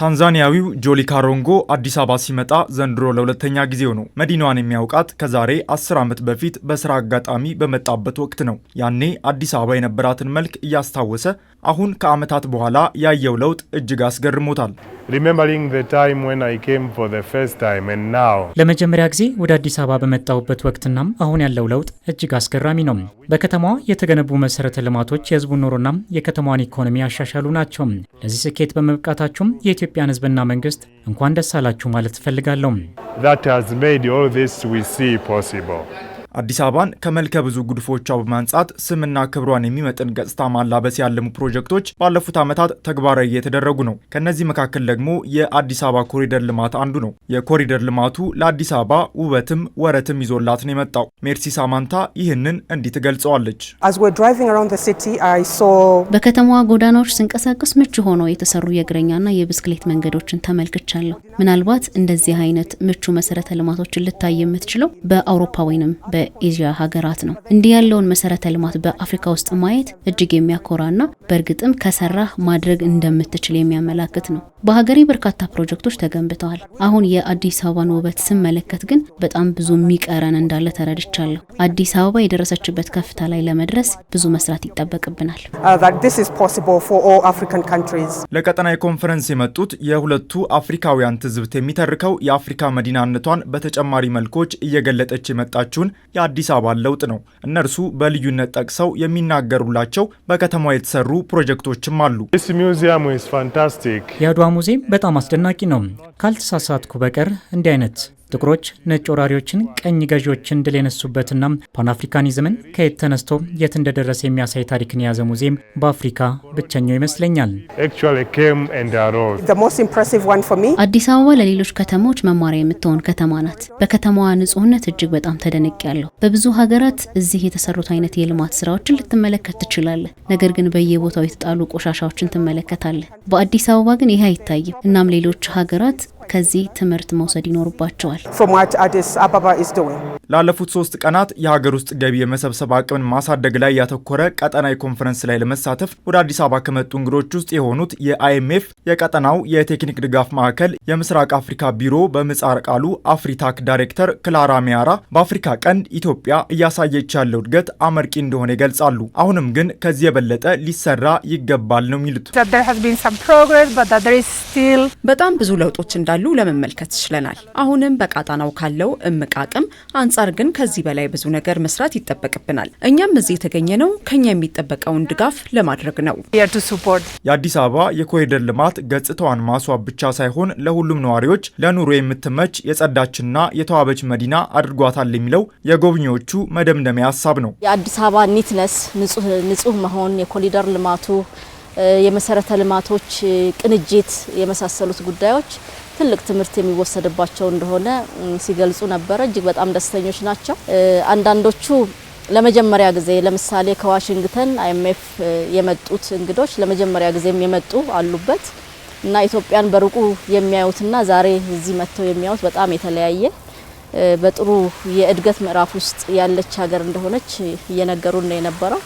ታንዛኒያዊው ጆሊ ካሮንጎ አዲስ አበባ ሲመጣ ዘንድሮ ለሁለተኛ ጊዜው ነው። መዲናዋን የሚያውቃት ከዛሬ አስር ዓመት በፊት በስራ አጋጣሚ በመጣበት ወቅት ነው። ያኔ አዲስ አበባ የነበራትን መልክ እያስታወሰ አሁን ከዓመታት በኋላ ያየው ለውጥ እጅግ አስገርሞታል። remembering the time when I came for the first time and now ለመጀመሪያ ጊዜ ወደ አዲስ አበባ በመጣሁበት ወቅትናም አሁን ያለው ለውጥ እጅግ አስገራሚ ነው። በከተማዋ የተገነቡ መሰረተ ልማቶች የህዝቡን ኑሮና የከተማዋን ኢኮኖሚ ያሻሻሉ ናቸው። ለዚህ ስኬት በመብቃታችሁም የኢትዮጵያን ህዝብና መንግስት እንኳን ደስ አላችሁ ማለት እፈልጋለሁ። That has made all this we see possible. አዲስ አበባን ከመልከ ብዙ ጉድፎቿ በማንጻት ስምና ክብሯን የሚመጥን ገጽታ ማላበስ ያለሙ ፕሮጀክቶች ባለፉት ዓመታት ተግባራዊ እየተደረጉ ነው። ከእነዚህ መካከል ደግሞ የአዲስ አበባ ኮሪደር ልማት አንዱ ነው። የኮሪደር ልማቱ ለአዲስ አበባ ውበትም ወረትም ይዞላት ነው የመጣው። ሜርሲ ሳማንታ ይህንን እንዲህ ትገልጸዋለች። በከተማዋ ጎዳናዎች ስንቀሳቀስ ምቹ ሆነው የተሰሩ የእግረኛና የብስክሌት መንገዶችን ተመልክቻለሁ። ምናልባት እንደዚህ አይነት ምቹ መሰረተ ልማቶችን ልታይ የምትችለው በአውሮፓ ወይንም በ የኤዥያ ሀገራት ነው። እንዲህ ያለውን መሰረተ ልማት በአፍሪካ ውስጥ ማየት እጅግ የሚያኮራና በእርግጥም ከሰራህ ማድረግ እንደምትችል የሚያመላክት ነው። በሀገሬ በርካታ ፕሮጀክቶች ተገንብተዋል። አሁን የአዲስ አበባን ውበት ስመለከት ግን በጣም ብዙ የሚቀረን እንዳለ ተረድቻለሁ። አዲስ አበባ የደረሰችበት ከፍታ ላይ ለመድረስ ብዙ መስራት ይጠበቅብናል። uh, ለቀጠና የኮንፈረንስ የመጡት የሁለቱ አፍሪካውያን ትዝብት የሚተርከው የአፍሪካ መዲናነቷን በተጨማሪ መልኮች እየገለጠች የመጣችውን የአዲስ አበባን ለውጥ ነው። እነርሱ በልዩነት ጠቅሰው የሚናገሩላቸው በከተማዋ የተሰሩ ፕሮጀክቶችም አሉ። የአድዋ ሙዚየም በጣም አስደናቂ ነው። ካልተሳሳትኩ በቀር እንዲህ አይነት ጥቁሮች ነጭ ወራሪዎችን፣ ቀኝ ገዢዎችን ድል የነሱበትና ፓንአፍሪካኒዝምን አፍሪካኒዝምን ከየት ተነስቶ የት እንደደረሰ የሚያሳይ ታሪክን የያዘ ሙዚየም በአፍሪካ ብቸኛው ይመስለኛል። አዲስ አበባ ለሌሎች ከተሞች መማሪያ የምትሆን ከተማ ናት። በከተማዋ ንጹህነት እጅግ በጣም ተደንቅ ያለው። በብዙ ሀገራት እዚህ የተሰሩት አይነት የልማት ስራዎችን ልትመለከት ትችላለህ። ነገር ግን በየቦታው የተጣሉ ቆሻሻዎችን ትመለከታለህ። በአዲስ አበባ ግን ይህ አይታይም። እናም ሌሎች ሀገራት ከዚህ ትምህርት መውሰድ ይኖርባቸዋል። ላለፉት ሶስት ቀናት የሀገር ውስጥ ገቢ የመሰብሰብ አቅምን ማሳደግ ላይ ያተኮረ ቀጠናዊ ኮንፈረንስ ላይ ለመሳተፍ ወደ አዲስ አበባ ከመጡ እንግዶች ውስጥ የሆኑት የአይኤምኤፍ የቀጠናው የቴክኒክ ድጋፍ ማዕከል የምስራቅ አፍሪካ ቢሮ በምጻር ቃሉ አፍሪታክ ዳይሬክተር ክላራ ሚያራ በአፍሪካ ቀንድ ኢትዮጵያ እያሳየች ያለው እድገት አመርቂ እንደሆነ ይገልጻሉ። አሁንም ግን ከዚህ የበለጠ ሊሰራ ይገባል ነው የሚሉት። በጣም ብዙ ለውጦች እንዳ እንዳሉ ለመመልከት ችለናል። አሁንም በቃጣናው ካለው እምቅ አቅም አንጻር ግን ከዚህ በላይ ብዙ ነገር መስራት ይጠበቅብናል። እኛም እዚህ የተገኘ ነው ከኛ የሚጠበቀውን ድጋፍ ለማድረግ ነው። የአዲስ አበባ የኮሪደር ልማት ገጽታዋን ማስዋብ ብቻ ሳይሆን ለሁሉም ነዋሪዎች ለኑሮ የምትመች የጸዳችና የተዋበች መዲና አድርጓታል የሚለው የጎብኚዎቹ መደምደሚያ ሀሳብ ነው። የአዲስ አበባ ኒትነስ ንጹህ መሆን የኮሪደር ልማቱ የመሰረተ ልማቶች ቅንጅት የመሳሰሉት ጉዳዮች ትልቅ ትምህርት የሚወሰድባቸው እንደሆነ ሲገልጹ ነበረ። እጅግ በጣም ደስተኞች ናቸው። አንዳንዶቹ ለመጀመሪያ ጊዜ ለምሳሌ ከዋሽንግተን አይኤምኤፍ የመጡት እንግዶች ለመጀመሪያ ጊዜም የመጡ አሉበት እና ኢትዮጵያን በሩቁ የሚያዩትና ዛሬ እዚህ መጥተው የሚያዩት በጣም የተለያየ በጥሩ የእድገት ምዕራፍ ውስጥ ያለች ሀገር እንደሆነች እየነገሩን ነው የነበረው።